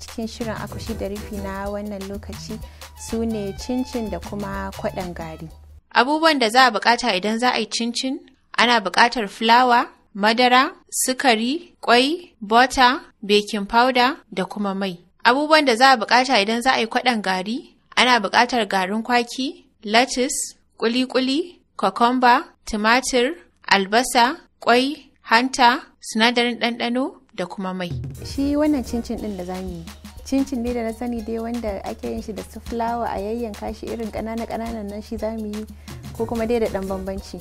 cikin shirin akushi da rufi na wannan lokaci su ne cincin da kuma kwaɗan gari abubuwan da za a bukata idan za a yi cincin ana buƙatar fulawa madara sukari kwai bota baking powder da kuma mai abubuwan da za a bukata idan za a yi kwaɗan gari ana buƙatar garin kwaki lettuce ƙuliƙuli kuli kokomba tumatir albasa kwai hanta sinadarin ɗanɗano da kuma mai shi wannan cincin din da za mu yi cincin ne da na sani dai wanda ake yin shi da su fulawa a yayyanka shi irin ƙanana ƙananan nan shi za mu yi ko kuma dai da ɗan bambanci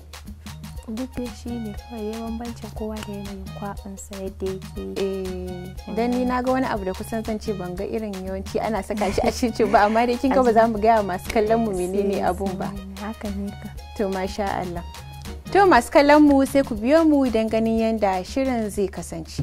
duk dai shi ne kawai ya bambancin kowa da yanayin kwaɓinsa yadda yake eh, eh. dan ni na ga wani abu da kusan zan ce ban ga irin yawanci ana saka shi a cincin ba amma dai kin ga ba za mu gaya masu kallon mu menene abun ba haka ne ka to masha Allah To masu kallon mu sai ku biyo mu don ganin yadda shirin zai kasance.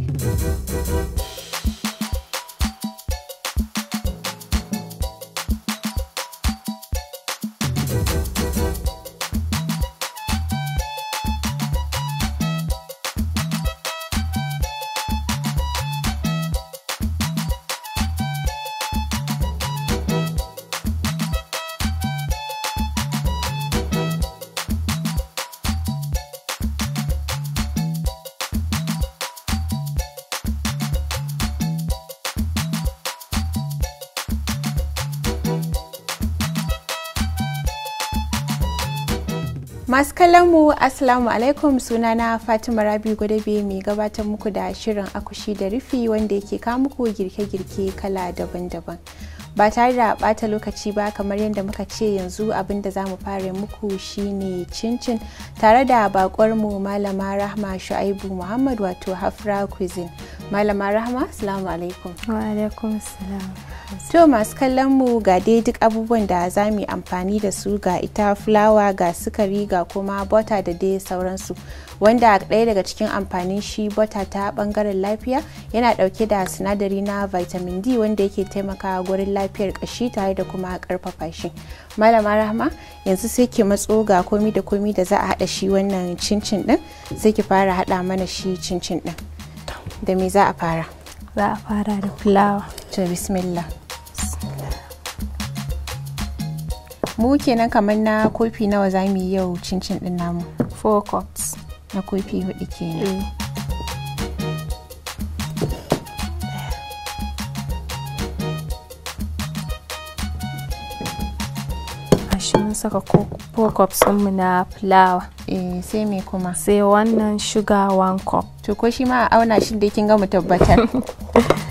masu kallon mu assalamu alaikum sunana fatima rabi gudabe mai gabatar muku da shirin akushi da rufi wanda yake kawo muku girke-girke kala daban-daban ba tare da bata lokaci ba kamar yadda muka ce yanzu abinda za mu fara muku shine cincin tare da bakwar mu malama rahma shu'aibu muhammad wato hafra cuisine malama rahma assalamu alaikum wa alaikum assalam to masu kallon mu ga dai duk abubuwan da za mu amfani da su ga ita fulawa ga sukari ga kuma bota da dai sauransu wanda ɗaya daga cikin amfanin shi bota ta bangaren lafiya yana ɗauke da sinadari na vitamin d wanda yake taimakawa gurin lafiyar ƙashi tare da kuma karfafa shi malama rahma yanzu sai ki matso ga komi da komi da za a haɗa shi wannan cincin ɗin sai ki fara haɗa mana shi cincin ɗin da me za a fara za a fara da fulawa to bismillah mu kenan kamar na kofi nawa za mu yi yau cincin din namu four cups na kofi hudu kenan eh. mun saka four cups mu na fulawa eh sai me kuma sai wannan sugar one cup to ko shi ma a auna shi da kin ga mu tabbatar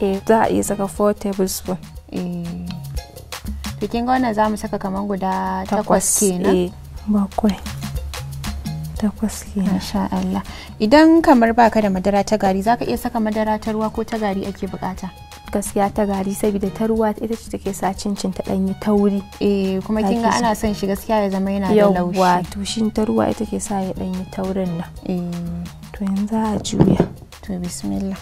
Eh, za a iya saka 4 tablespoon eh, to kin ga wannan za mu saka kaman guda takwas kenan eh, bakwai takwas kenan sha Allah idan kamar baka da madara ta gari zaka iya saka madara ta ruwa ko ta gari ake bukata gaskiya ta gari saboda ta ruwa ita ce take sa cincin ta danyi tauri eh kuma kin ga ana son shi gaskiya ya zama yana da laushi yawa to shin ta ruwa ita ke sa ya danyi taurin nan eh to yanzu a juya to bismillah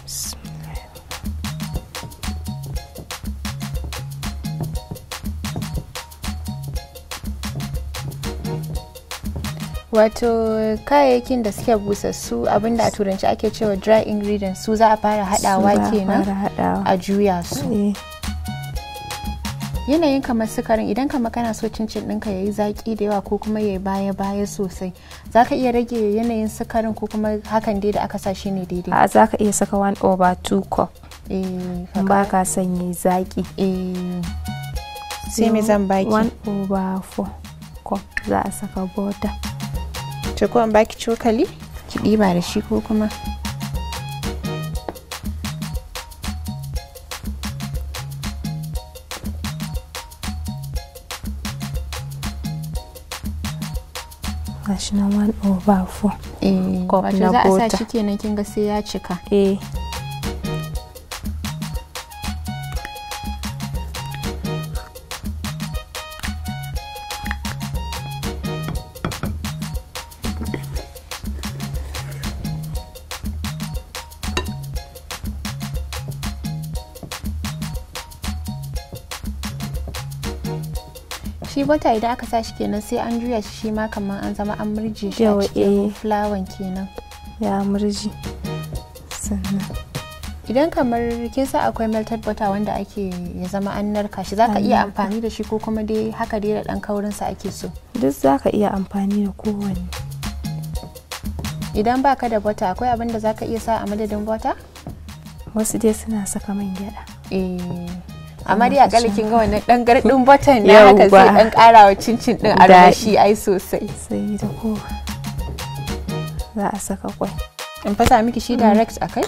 wato kayayyakin da suke busassu abinda a turanci ake cewa dry ingredients su za a fara hadawa kenan a juya su eh. yanayin kamar sukarin idan kamar kana so cincin ɗinka ya yi zaƙi da yawa ko kuma ya yi baya-baya sosai za ka iya rage yanayin sukarin ko kuma hakan dai da aka sa shi ne daidai a za ka iya saka 1 over 2 cup ba eh, ka son zaki. yi zaƙi eh. sai mai zan baki 1 over 4 cup za a saka butter ta ko an baki cokali ki ɗiba da shi ko kuma gashi na 1 over 4 eh, cup na bota wato za a sa shi na kinga sai ya cika eh shi bata idan aka sa shi kenan sai an juya shi shi ma kamar an zama an murje shi a cikin eh. fulawan kenan ya murji sannan idan kamar kin sa akwai melted butter wanda ake ya zama an narka shi zaka iya amfani da shi ko kuma dai haka dai da dan kaurin sa ake so duk zaka iya amfani da kowanne idan baka da butter akwai abin da zaka iya sa a madadin butter wasu dai suna saka man gyada eh amma dai akalla kin ga wannan dan gardin button na haka sai dan karawa cincin din armashi ai sosai sai da ko za a saka kwai in fasa miki shi direct akai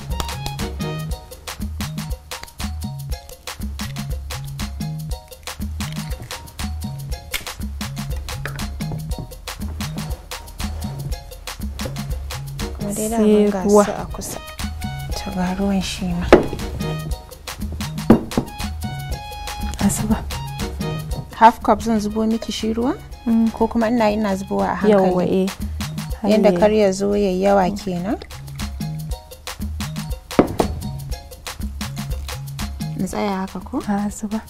sai kuwa. ta ga shi ma half cup zan zubo miki shi ruwa mm. ko kuma ina ina zubowa a hankali yadda eh. kar ya zo yayi yawa kenan in tsaya haka ko? Ha, zuba.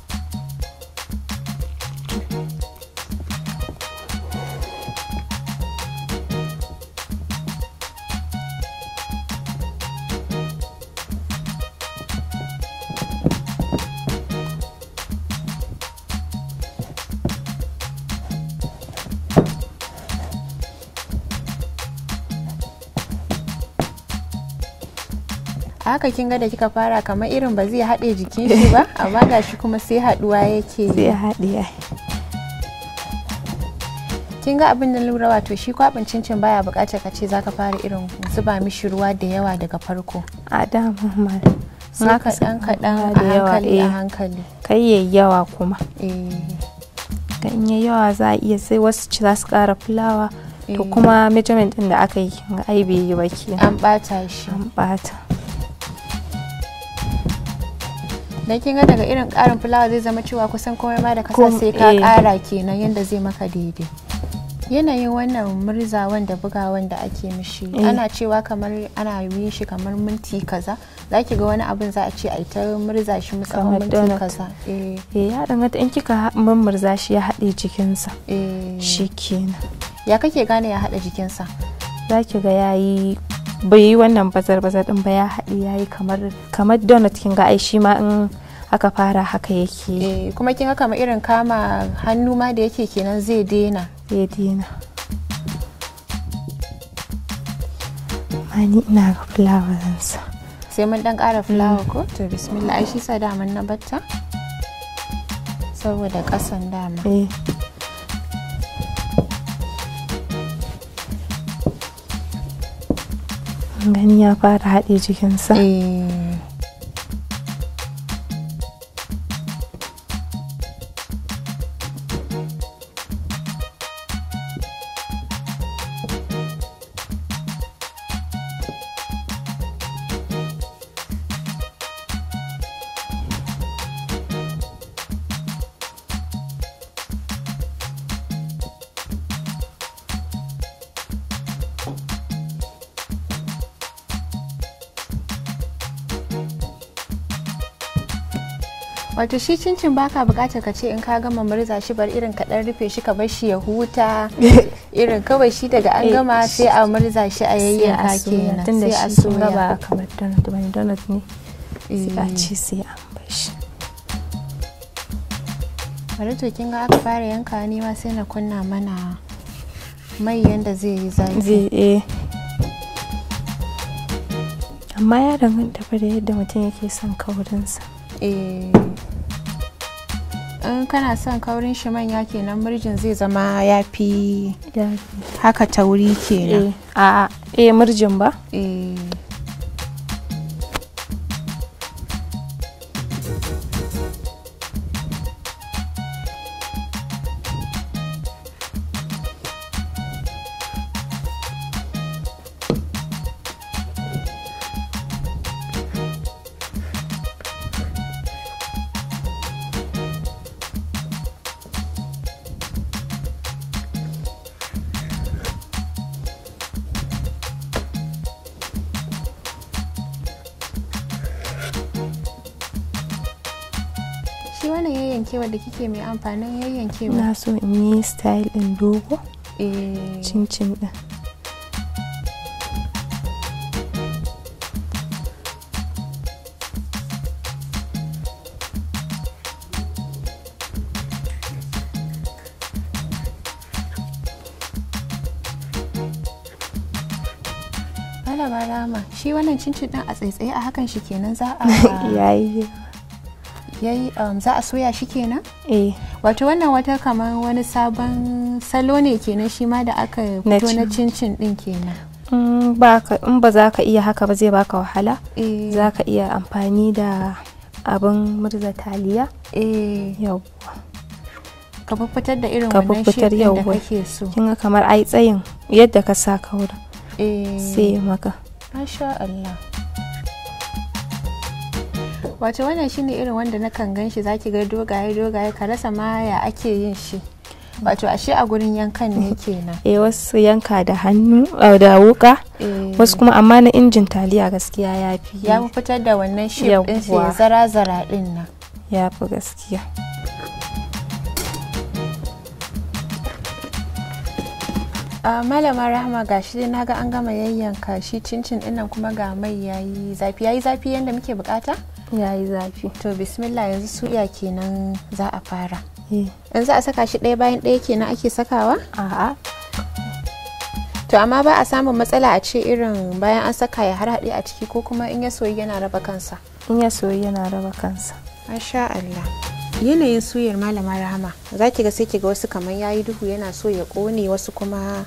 haka kin ga da kika fara kamar irin ba zai haɗe jikin shi ba amma shi kuma sai haɗuwa yake sai haɗe kin ga abin da lura wato shi kwabin cincin baya bukatar ka ce zaka fara irin zuba mishi ruwa da yawa daga farko a da mamar sai ka dan kaɗan a hankali a eh. hankali kai yayi yawa kuma eh ga in yayi yawa za a iya sai wasu ci za su ƙara fulawa to eh. kuma measurement din da aka yi ai bai yi ba ke an ɓata shi an ɓata dan kin ga daga irin karin fulawa zai zama cewa kusan komai ma da kasa sai ka kara eh. kenan yadda zai maka daidai yanayin wannan murzawan da bugawan da ake mishi eh. ana cewa kamar ana yi shi kamar minti kaza za ki ga wani abin za a ce a ta murza shi musamman minti kaza eh. eh ya danganta in kika murza shi ya haɗe jikinsa shi kenan ya kake gane ya haɗa jikinsa za ki ga ya yi bai yi wannan bazar-bazar din ba ya haɗi ya yi kamar donut kin ga ai ma in aka fara haka yake eh, kuma kin haka irin kama hannu ma da yake kenan zai dena. zai dena mani ina ga fulawa sai mun dan ƙara fulawa mm. ko to bismillah ai shi sa daman na batta saboda ƙasan dama eh. gani ya fara haɗe jikinsa eh. wato shi cincin baka bukatar ka ce in ka gama murza shi bar irin ka dan rufe shi ka bar shi ya huta irin kawai shi daga an gama eh, sai a murza shi a yayyanka kenan sai shi sun gaba kamar donut ba donut ne a ci sai a bar shi bari to kin ga aka fara yanka ni ma sai na kunna mana mai yanda zai yi zafi zai eh amma ya danganta fa da yadda mutum yake son kaurinsa eh in kana son kaurin shi manya kenan murjin zai zama ya fi haka tauri kenan a eh, eh murjin ba eh yankewar da kike mai amfanin yayyankewa na so in yi style din dogo eh. cincin din shi wannan cincin din a tsaitsaye a hakan shi kenan za a yayi yayi um, za a soya shi kenan eh wato wannan wata kamar wani sabon salo ne kenan shi ma da aka fito na cincin din kenan mm, in ba za ka iya haka ba zai baka wahala eh. za ka iya amfani da abin murza taliya eh. yau ka fitar da irin wannan shi da kake so kin kamar ai tsayin yadda ka sa kaura eh. sai maka masha Allah wato wannan shine irin wanda na kan gan shi zaki ga dogaye dogaye ka rasa ma ya ake yin shi wato ashe a gurin yankan ne kenan eh wasu yanka da hannu eh, da wuka eh. wasu kuma amma na injin taliya gaskiya ya fi ya fi fitar da wannan shi din sai zara zara din nan ya fi gaskiya Uh, malama rahama shi na ga an gama yayyanka shi cincin dinnan kuma ga mai yayi zafi yayi zafi yadda muke bukata yayi zafi to bismillah yanzu suya kenan za a fara yanzu eh. za a saka shi ɗaya bayan ɗaya kenan ake sakawa a'a to amma ba a samun matsala a ce irin bayan an saka ya har haɗe a ciki ko kuma in ya soyi yana raba kansa in ya soyi yana raba kansa masha Allah yanayin suyar malama rahama za ki ga sai ki ga wasu kamar yayi duhu yana so ya ƙone wasu kuma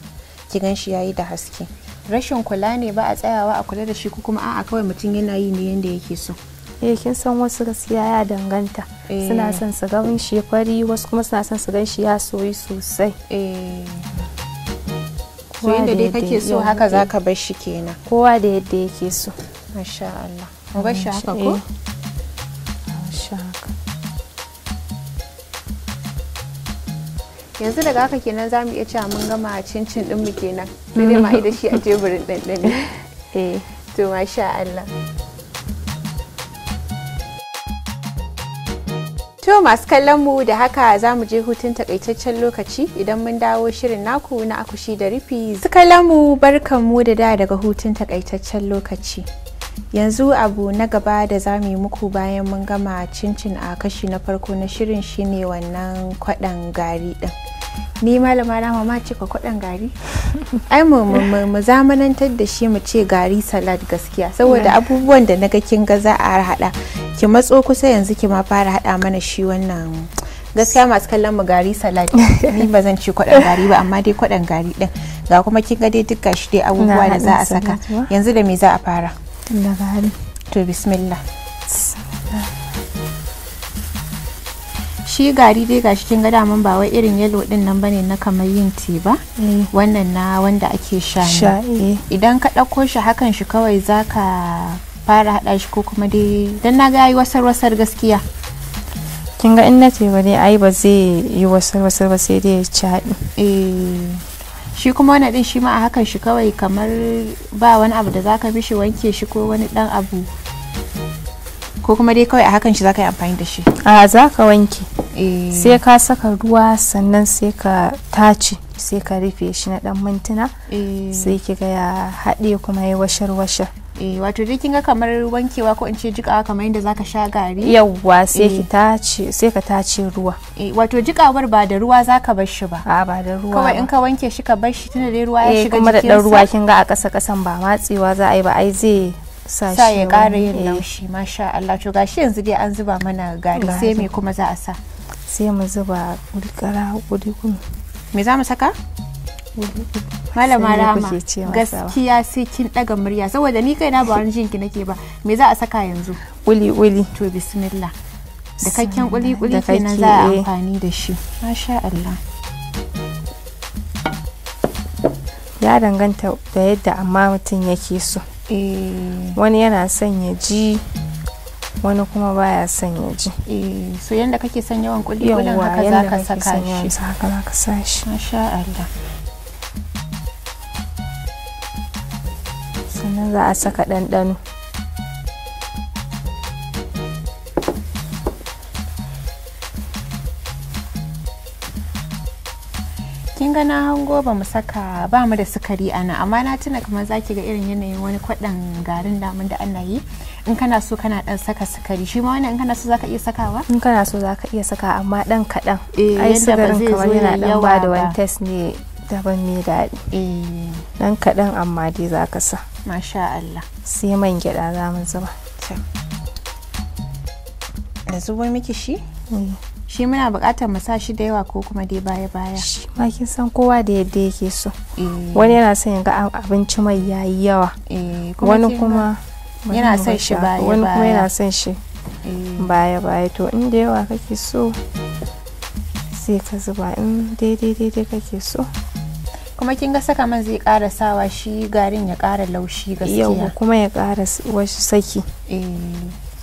ki gan shi yayi da haske rashin kula ne ba a tsayawa a kula da shi ko kuma a'a kawai mutum yana yi ne yanda yake so eh kin san wasu gaskiya ya danganta eh. suna son su gan shekwari wasu kuma suna son su gan shi ya soyi sosai so eh. da dai kake so haka za ka bar shi kenan kowa da yadda yake so masha Allah mu bar shi haka ko masha eh. haka yanzu daga haka kenan za mu iya cewa mun gama cincin ɗinmu kenan sai dai ma da shi a teburin ɗanɗani to masha Allah To masu kallon mu da haka za mu je hutun takaitaccen lokaci idan mun dawo shirin naku na akushi da rufi. Su kallon mu barkan mu da da daga hutun takaitaccen lokaci. Yanzu abu na gaba da za mu yi muku bayan mun gama cincin a kashi na farko na shirin shine wannan kwaɗan gari ɗin. ni malama na mama ce ka kwaɗan gari ai mu zamanantar da shi mu ce gari salad gaskiya saboda abubuwan da naga kin ga za a haɗa ki matso kusa yanzu ki ma fara haɗa mana shi wannan gaskiya masu kallon mu gari salad ni ba zan ci kwaɗan gari ba amma dai kwaɗan gari din ga kuma kin ga dai duk shi dai abubuwa da za a saka yanzu da me za a fara to bismillah shi gari dai gashi kin gada mun ba wai irin yalo din nan bane na kamar yin ti ba eh. wannan na wanda ake sha ne eh. idan ka dauko shi hakan shi kawai zaka fara hada shi ko kuma dai dan na ga yi wasar wasar gaskiya kin ga in na ba dai ai ba zai yi wasar wasar ba sai dai ya ci haɗi eh, shi kuma wani din shi ma a hakan shi kawai kamar ba wani abu da zaka mishi wanke shi ko wani dan abu ko kuma dai kawai a hakan shi zaka yi amfani da shi a zaka wanke Eh. sai ka saka ruwa sannan sai ka tace sai ka rufe shi na dan mintuna eh. sai ga ya haɗe kuma ya washar washar eh, wato dai kinga kamar wankewa ko in ce jikawa kamar yadda zaka sha gari yawwa sai ki tace sai ka tace ruwa wato jikawar ba da ruwa zaka bar shi ba a ba da ruwa kawai in ka wanke shi ka bar shi tunda dai ruwa ya shiga jikinsa kuma da dan ruwa kinga a ƙasa ƙasan ba matsewa za a yi ba ai zai sa ya ƙara yin laushi masha Allah to gashi yanzu dai an zuba mana gari sai me kuma za a sa sai mu zuba gulkara gulgun me za mu saka malama rama gaskiya sai kin daga murya saboda ni kaina ba wani jinki nake ba me za a saka yanzu uli uli to bismillah da kakken kuli kuli kenan za a eh. amfani da shi masha Allah ya danganta da yadda amma mutum yake so eh. wani yana son ya ji wani kuma baya son ya ji e so yadda kake son yawan kudi kullum haka za ka saka shi haka za ka saka shi masha Allah sannan za a saka ɗanɗano kin ga na hango ba mu saka ba mu da sukari ana amma na tuna kamar zaki ga irin yanayin wani kwaɗan garin damun da ana yi in kana so kana dan saka sukari shi ma wannan in kana so zaka iya sakawa in kana so zaka iya saka amma dan kadan eh, ai sukarin kamar yana dan ba da wani test ne daban mai daɗi dan eh. kadan amma dai zaka sa masha Allah sai man gyada za mu zuba da zuwa miki shi eh. shi muna bukatar mu sa shi da yawa ko kuma dai baya baya ma kin san kowa da yadda yake so wani yana son ya ga abinci mai yayi yawa wani kuma yana son shi baya baya wani kuma yana son shi eh. baya baya to in da yawa kake so sai ka zuba in daidai daidai kake so kuma kin ga saka man zai ƙara sawa shi garin ya ƙara laushi gaskiya yau kuma ya kara wasu saki eh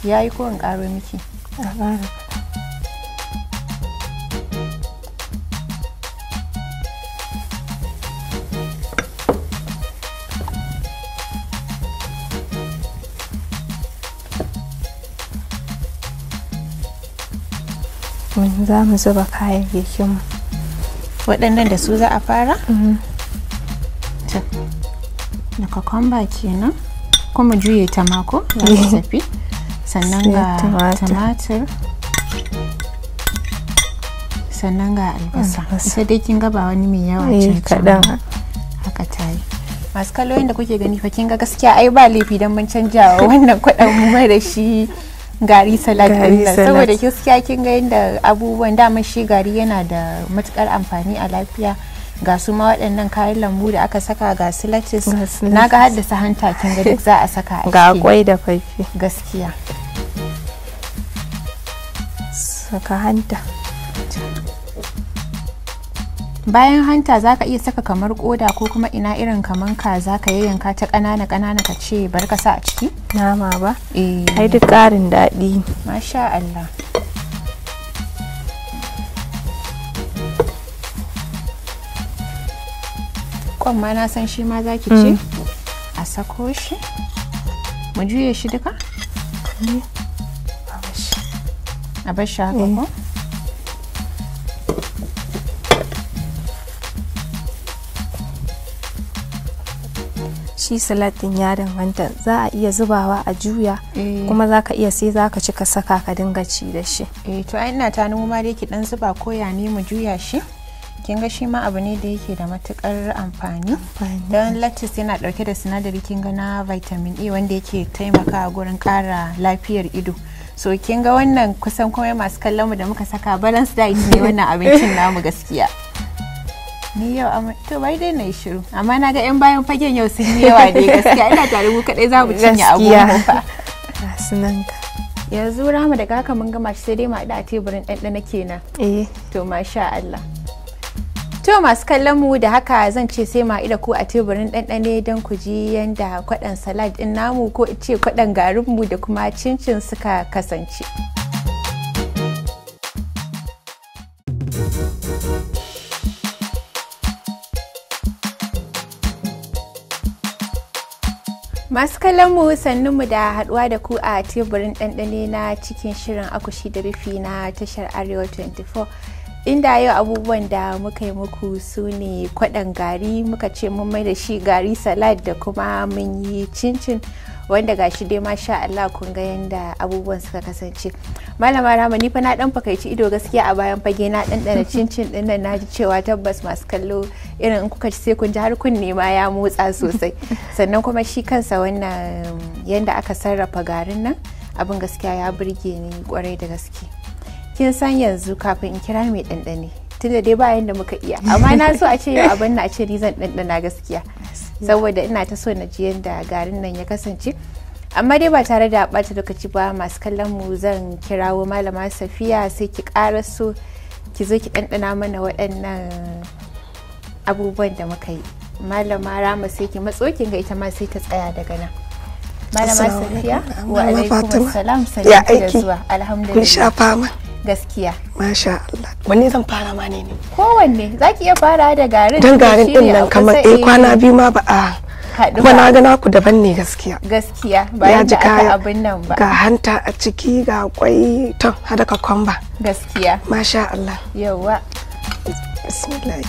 yayi ko in karo miki a za mu zuba kayayyakinmu waɗannan da su za a fara? Mm-hmm. da cucumber kenan kuma juye ta mako ya tafi sannan ga tumatir sannan ga albasa ita dai kin gaba wani mai yawa eh, ce kaɗan haka ta yi masu kaloyin da kuke gani fa kin ga gaskiya ai ba laifi don mun canja wannan kuɗin mai da shi gari salad saboda gaskiya kin ga yadda abubuwan dama shi gari yana da matukar amfani a lafiya ga su ma waɗannan kayan lambu da aka saka ga su na ga haddasa hanta kin ga duk za a saka a ga kwai da faifi gaskiya saka hanta bayan hanta za ka iya saka kamar koda ko kuma ina irin kamar ka za ka yanka ta ƙanana ƙanana ka ce bar ka sa a ciki nama ba eh ai duk ƙarin daɗi masha Allah kwan ma na san shi ma za ki ce mm. a sako shi mu juye shi duka mm. a bar shi haka ko eh. shi salad din ya danganta za a iya zubawa a juya eh. kuma za ka iya sai za ka ci ka saka ka dinga ci da shi eh to ai ina ta noma dai ki dan zuba koya ne mu juya shi kin ga shi ma abu ne da yake da matukar amfani don lettuce yana dauke da sinadari kin ga na vitamin E wanda yake taimakawa gurin kara lafiyar ido so kin ga wannan kusan kuma masu kallon mu da muka saka balance diet ne wannan abincin namu gaskiya ni yau to bai dai na shiru amma na ga yan bayan fagen yau sun yi yawa dai gaskiya ina tare mu kadai za mu cinye abubuwan ba sunan ka yanzu rama daga haka mun gama sai dai mu da teburin ɗanɗana kenan eh to masha Allah To masu kallon mu da haka zan ce sai ma ida ku a teburin ɗanɗane don ku ji yanda kwaɗan salad ɗin namu ko ce kwaɗan mu da kuma cincin suka kasance. masu mu sannunmu da haduwa da ku a teburin ɗanɗane na cikin shirin akushi da rufi na tashar arewa 24 inda yau abubuwan da muka yi muku su ne kwaɗan gari muka ce mun mai da shi gari salad da kuma mun yi cincin wanda gashi dai masha Allah kun ga yadda abubuwan suka kasance malama rama ni fa na dan fakaici ido gaskiya a bayan fage na dandana cincin din nan naji cewa tabbas masu kallo irin in kuka ci sai kun ji har kunne ma ya motsa sosai sannan kuma shi kansa wannan yanda aka sarrafa garin nan abin gaskiya ya burge ni kwarai da gaske kin san yanzu kafin in kira mai dandane da dai bayan da muka iya amma na so a ce yau abin na ce ni zan dandana gaskiya saboda ina ta so na ji yanda garin nan ya kasance amma dai ba tare da ɓata lokaci ba masu kallon mu zan kirawo malama safiya sai ki ƙara so ki zo ki ɗanɗana mana waɗannan abubuwan da muka yi malama rama sai ki matso ki ga ita ma sai ta tsaya daga nan malama safiya wa alaikum salam sanin da zuwa alhamdulillah kun sha fama gaskiya masha Allah wanne zan fara ma ne ne kowanne zaki iya fara da garin dan garin din nan kamar eh, eh kwana biyu ma ba a haɗu ba na ga naku daban ne gaskiya gaskiya bayan da aka abin nan ba ga hanta a ciki ga kwai ton hada ka kwamba gaskiya masha Allah yawa bismillah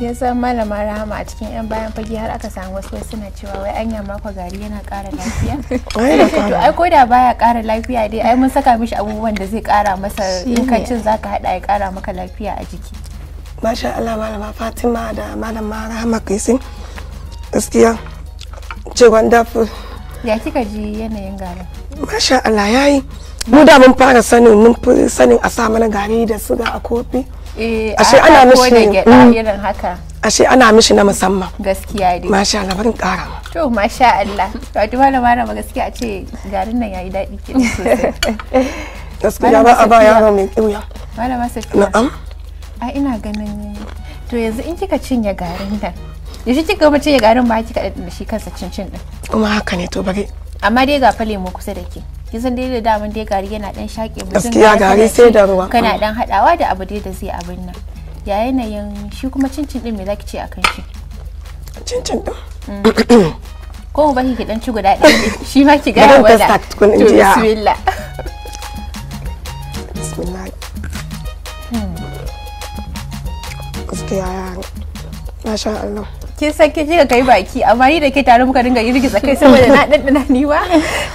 ya san malama rahama a cikin yan bayan fage har aka samu wasu suna cewa wai anya mako gari yana kara lafiya to ai ko da baya kara lafiya dai ai mun saka mishi abubuwan da zai kara masa in ka cin zaka hada ya kara maka lafiya a jiki masha Allah malama Fatima da malama Rahama Kaisin gaskiya cewan dafu ya kika ji yanayin garin masha Allah yayi mu da mun fara sanin mun fi sanin a sa mana gari da suga a kofi eh, ashe ana mishi mm. irin haka ashe ana mishi na musamman gaskiya dai masha Allah barin kara to masha Allah wato malama Rahama gaskiya a ce garin nan yayi daɗi sosai gaskiya ba a ba yaro mai kiuya malama sai na'am ai ina ganin to yanzu in kika cinye garin nan shi kika gama cinye garin ba kika da shi kansa cincin din kuma haka ne to bari amma dai ga fale mu kusa da ke kisan dai da daman dai gari yana dan shake mutum gaskiya gari sai da ruwa kana dan hadawa da abu dai da zai abin nan ya yanayin shi kuma cincin din me zaki ce akan shi cincin din mm. ko ba ki dan ci guda ɗaya shi ma ki ga wanda to bismillah yaya masha Allah kin san kin kika kai baki amma ni da ke tare muka dinga girgiza kai saboda na daddana ni ba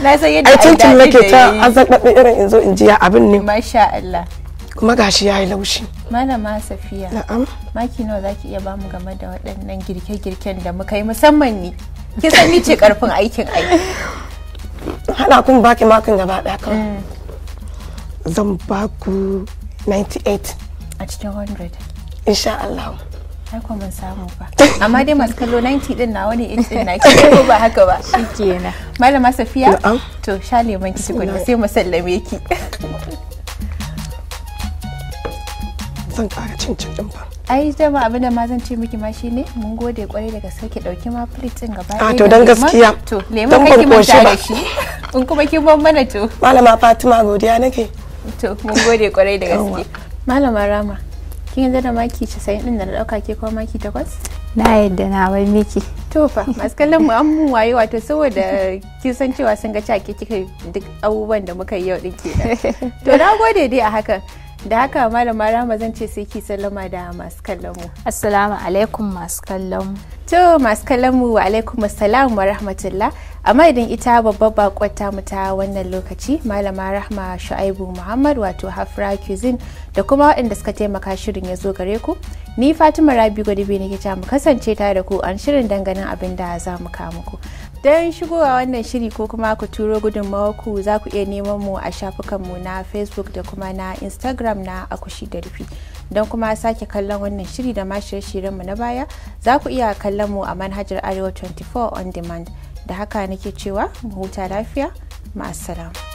na san yadda ai tuntun nake ta azabbe irin in zo in ji abin ne masha Allah kuma gashi ya yi laushi malama safiya na'am maki nawa zaki iya bamu game da waɗannan girke-girken da muka yi musamman ni kin san ni ce karfin aikin aiki. hana kun baki makin gaba daya kan mm. zan baku 98 a cikin 100 insha Allah ai ko mun samu ba amma dai masu kallo 90 din nawa ne 8 din ke ko ba haka ba shikenan malama safiya to sha leman ki tukuna sai mu sallame ki zan kara cin cin din fa ai dama abin da ma zan ce miki ma shine mun gode kwarai da gaske ki dauki ma plate din gaba ɗaya to dan gaskiya to lemon kake mun da shi in kuma ki ban mana to malama Fatima godiya nake to mun gode kwarai da gaske malama Rama kin yanzu da maki 90 din da na dauka ke kuma maki 8 na yadda na wai miki tofa masu kallon mu an mun waye wato saboda kin san cewa sun ga cake kika duk abubuwan da muka yi yau din kenan to na gode dai a hakan da haka malama rama zan ce sai ki sallama da masu kallon mu assalamu alaikum masu kallon mu to masu kallon mu wa alaikum assalam wa rahmatullah amma idan ita babbar bakon ta mu ta wannan lokaci malama rahma shu'aibu muhammad wato hafra cuisine da kuma waɗanda suka taimaka shirin ya zo gare ku ni fatima rabi gwadibi ne ke ta mu kasance tare da ku an shirin danganin abin da za mu kawo muku don shigowa wannan shiri ko kuma ku turo gudunmawar ku za ku iya neman mu a shafukanmu na facebook da kuma na instagram na akushi da rufi don kuma sake kallon wannan shiri da ma shirye mu na baya za ku iya kallon mu a manhajar arewa 24 on demand da haka nake cewa mu huta lafiya ma'assalam.